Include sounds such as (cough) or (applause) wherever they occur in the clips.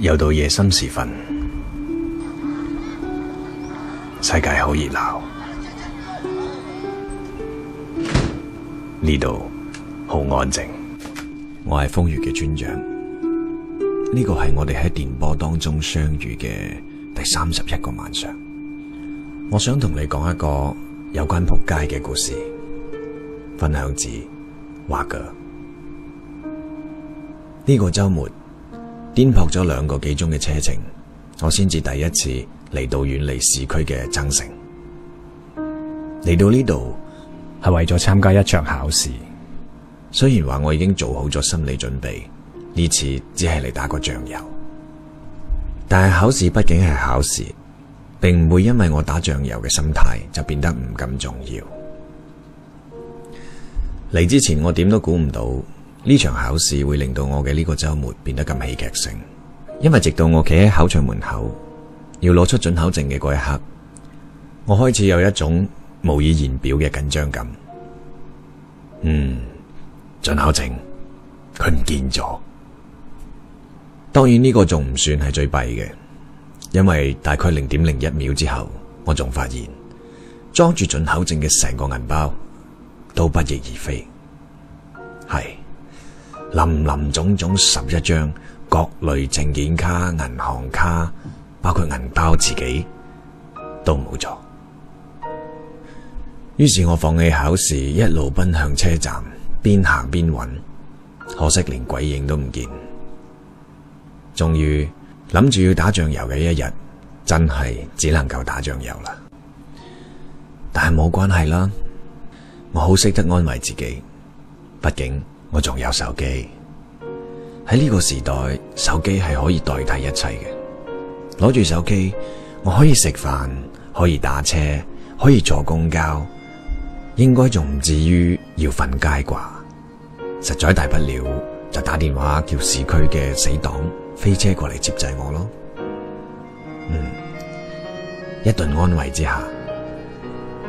又到夜深時分，世界好熱鬧，呢度好安靜。 (noise) 我係瘋粵嘅村長，呢、這個係我哋喺電波當中相遇嘅第三十一個晚上。我想同你講一個有關仆街嘅故事。分享自瓦格。呢個周末。顛簸咗兩個幾鐘嘅車程，我先至第一次嚟到遠離市區嘅增城。嚟到呢度係為咗參加一場考試，雖然話我已經做好咗心理準備，呢次只係嚟打個醬油。但係考試畢竟係考試，並唔會因為我打醬油嘅心態就變得唔咁重要。嚟之前我點都估唔到。呢場考試會令到我嘅呢個周末變得咁喜劇性，因為直到我企喺考場門口要攞出準考證嘅嗰一刻，我開始有一種無以言表嘅緊張感。嗯，準考證佢唔見咗，當然呢個仲唔算係最弊嘅，因為大概零點零一秒之後，我仲發現裝住準考證嘅成個銀包都不翼而飛，係。林林總總十一張各類證件卡、銀行卡，包括銀包自己都冇咗。於是我放棄考試，一路奔向車站，邊行邊揾，可惜連鬼影都唔見。終於諗住要打醬油嘅一日，真係只能夠打醬油啦。但係冇關係啦，我好識得安慰自己，畢竟。我仲有手機，喺呢個時代，手機係可以代替一切嘅。攞住手機，我可以食飯，可以打車，可以坐公交，應該仲唔至於要瞓街啩？實在大不了就打電話叫市區嘅死黨飛車過嚟接濟我咯。嗯，一頓安慰之下，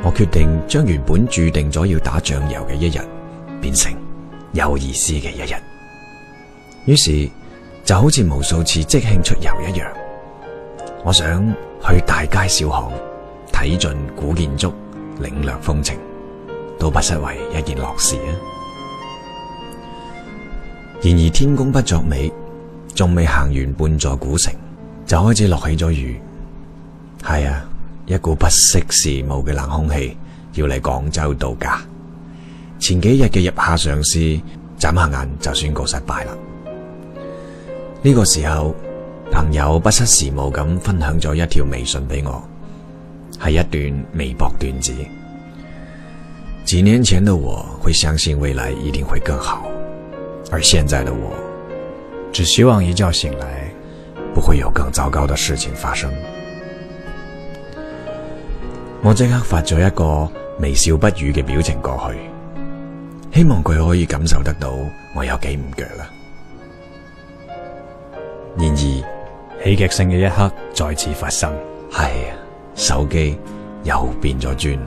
我決定將原本注定咗要打醬油嘅一日變成。有意思嘅一日，於是就好似無數次即興出遊一樣，我想去大街小巷睇盡古建築，領略風情，都不失為一件樂事啊！然而天公不作美，仲未行完半座古城，就開始落起咗雨。係啊，一股不識時務嘅冷空氣要嚟廣州度假。前幾日嘅入夏嘗試，眨下眼就宣告失敗啦。呢、這個時候，朋友不失時務咁分享咗一條微信俾我，係一段微博段子。幾年前的我，會相信未來一定會更好，而現在的我，只希望一覺醒來，不會有更糟糕的事情發生。我即刻發咗一個微笑不語嘅表情過去。希望佢可以感受得到我有幾唔腳啦。然而喜劇性嘅一刻再次發生，係啊，手機又變咗磚。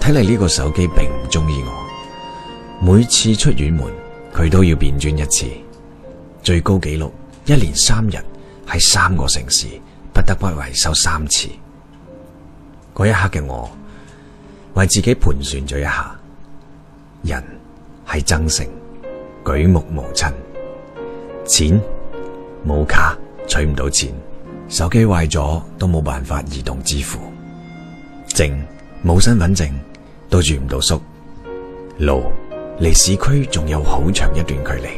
睇嚟呢個手機並唔中意我。每次出遠門，佢都要變磚一次。最高紀錄一連三日係三個城市，不得不維修三次。嗰一刻嘅我為自己盤旋咗一下。人係增城，舉目無親；錢冇卡，取唔到錢；手機壞咗，都冇辦法移動支付；證冇身份證，都住唔到宿；路離市區仲有好長一段距離，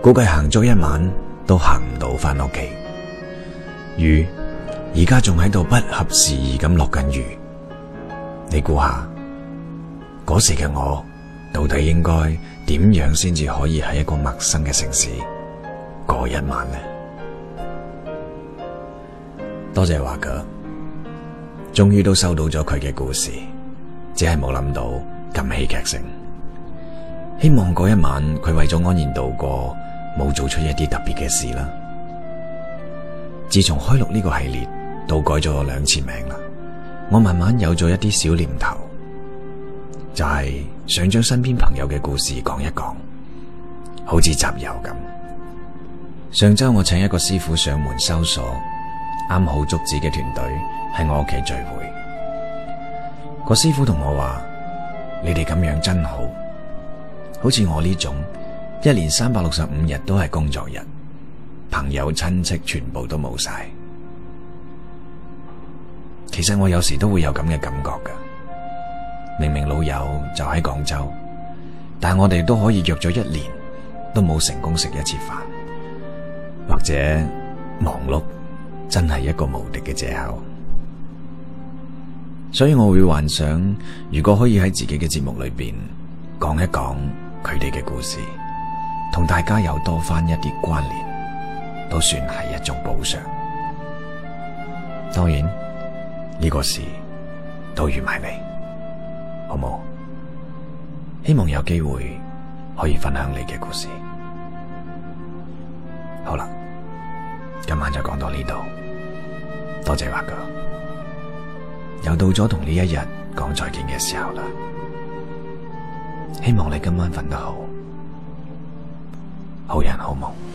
估計行咗一晚都行唔到翻屋企；雨而家仲喺度不合時宜咁落緊雨，你估下？嗰時嘅我到底應該點樣先至可以喺一個陌生嘅城市過一晚呢？多謝華哥，終於都收到咗佢嘅故事，只係冇諗到咁戲劇性。希望嗰一晚佢為咗安然度過，冇做出一啲特別嘅事啦。自從開錄呢個系列，都改咗我兩次名啦，我慢慢有咗一啲小念頭。就係想將身邊朋友嘅故事講一講，好似集郵咁。上周我請一個師傅上門收鎖，啱好竹子嘅團隊喺我屋企聚會。個師傅同我話：，你哋咁樣真好，好似我呢種，一年三百六十五日都係工作日，朋友親戚全部都冇晒。其實我有時都會有咁嘅感覺噶。明明老友就喺廣州，但係我哋都可以約咗一年，都冇成功食一次飯。或者忙碌真係一個無敵嘅借口，所以我會幻想，如果可以喺自己嘅節目裏邊講一講佢哋嘅故事，同大家又多翻一啲關聯，都算係一種補償。當然，呢個事都預埋未。好冇？希望有機會可以分享你嘅故事。好啦，今晚就講到呢度，多謝瓦格，又到咗同呢一日講再見嘅時候啦。希望你今晚瞓得好，好人好夢。